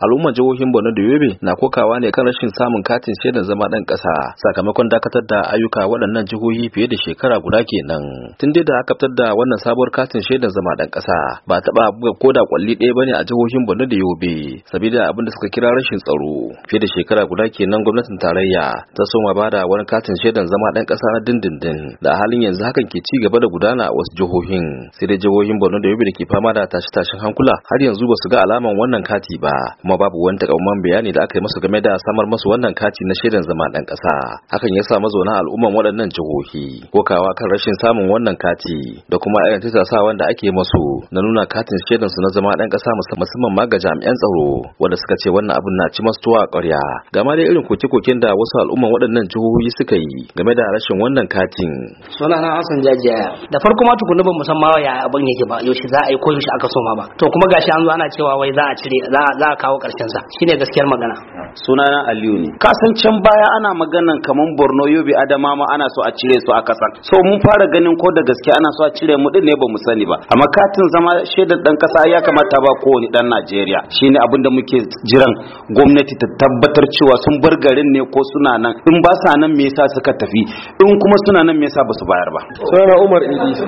al'ummar jihohin borno da yobe na kokawa ne kan rashin samun katin shaidar zama dan kasa sakamakon dakatar da ayyuka waɗannan jihohi fiye da shekara guda kenan tun dai da aka fitar da wannan sabuwar katin shaidar zama dan kasa ba taba buga koda da kwalli ɗaya bane a jihohin borno da yobe saboda abin da suka kira rashin tsaro fiye da shekara guda kenan gwamnatin tarayya ta soma ba da wani katin shaidar zama dan kasa na dindindin da a halin yanzu hakan ke ci gaba da gudana a wasu jihohin sai dai jihohin borno da yobe da ke fama da tashe-tashen hankula har yanzu ba su ga alaman wannan kati ba kuma babu wani takamaiman bayani da aka yi masa game da samar masu wannan kati na shirin zama dan kasa hakan ya sa mazauna al'umman waɗannan jihohi kokawa kan rashin samun wannan kati da kuma irin sa wanda ake masu, na nuna katin shirin su na zama dan kasa musamman ma ga jami'an tsaro wanda suka ce wannan abin na ci masu tuwa a ƙwarya ga ma dai irin koke-koken da wasu al'umman waɗannan jihohi suka yi game da rashin wannan katin. suna na hassan jajiya da farko ma tukunna ban musamman ya abin yake ba yau shi za a yi ko shi aka ma ba to kuma gashi an zo ana cewa wai za a cire za a kawo kawo karshen sa shine gaskiyar magana sunana aliyu ne ka san can baya ana maganan kaman borno yobe adama ma ana so a cire su a kasan so mun fara ganin ko da gaske ana so a cire mu din ne ba mu sani ba amma katin zama shaidar dan kasa ya kamata ba kowane dan najeriya shine abin da muke jiran gwamnati ta tabbatar cewa sun bar garin ne ko suna nan in ba sa nan me yasa suka tafi in kuma suna nan me yasa ba su bayar ba sunana umar idi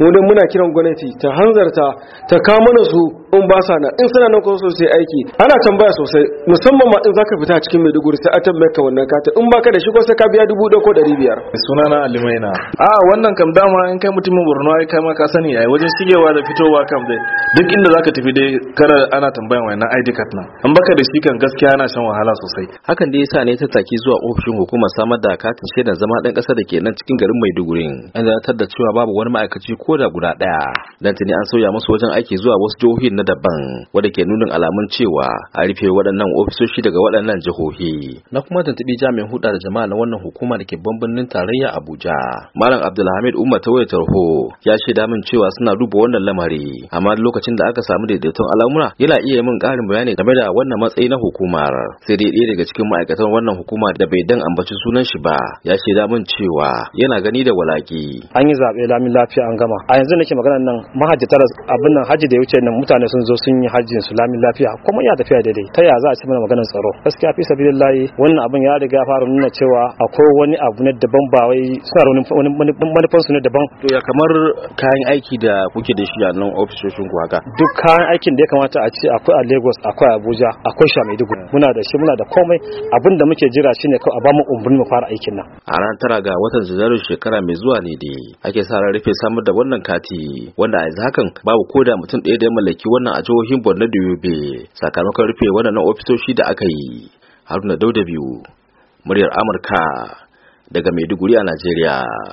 mu muna kiran gwamnati ta hanzarta ta kama mana su in ba sa na in suna nan kusa sosai aiki ana tambaya sosai musamman ma in zaka fita cikin Maiduguri sai a tambaye ka wannan kata in ba ka da shi ko sai ka biya dubu ɗaya ko ɗari biyar. sunana alimaina a wannan kam dama in kai mutumin borno ai kai ma ka sani ai wajen shigewa da fitowa kam dai duk inda zaka tafi dai kana ana tambayan wannan ID card nan An baka da shi kan gaskiya ana shan wahala sosai hakan dai yasa ne ta taki zuwa ofishin hukumar samar da katin shaidar zama ɗan ƙasa da ke nan cikin garin Maiduguri an zartar da cewa babu wani ma'aikaci ko da guda ɗaya dan tuni an sauya musu wajen aiki zuwa wasu jihohin na daban wanda ke nunin alamun cewa a rufe waɗannan ofisoshi daga waɗannan jihohi na kuma tuntuɓi jami'in huɗa da jama'a na wannan hukuma da ke bambanin tarayya Abuja Malam Abdulhamid Umar ta wayar tarho ya ce min cewa suna duba wannan lamari amma lokacin da aka samu daidaiton al'amura yana iya min ƙarin bayani game da wannan matsayi na hukumar sai dai ɗaya daga cikin ma'aikatan wannan hukuma da bai dan ambaci sunan shi ba ya ce min cewa yana gani da walaki an yi zaɓe lamin lafiya an gama a yanzu nake magana nan mahajjatar abin nan hajji da ya wuce nan mutane sun zo sun yi hajjin su lamin lafiya kuma ya tafiya daidai ta ya za a ci mana maganar tsaro gaskiya fi sabilillahi wannan abin ya riga ya fara nuna cewa akwai wani abu ne daban ba wai suna wani manufan su ne daban to ya kamar kayan aiki da kuke da shi a nan ofisoshin ku haka duk kayan aikin da ya kamata a ce akwai a Lagos akwai Abuja akwai Sha mai Maiduguri muna da shi muna da komai abin da muke jira shine kawai a ba mu umarni mu fara aikin nan a ranar tara ga watan Janairu shekara mai zuwa ne dai ake sa ran rufe samar da wannan kati wanda a yanzu hakan babu koda mutum ɗaya da ya mallaki wannan a jihohin borno da yobe sakamakon rufe waɗannan ofisoshi da aka yi haruna dauda biyu muryar amurka daga maiduguri a najeriya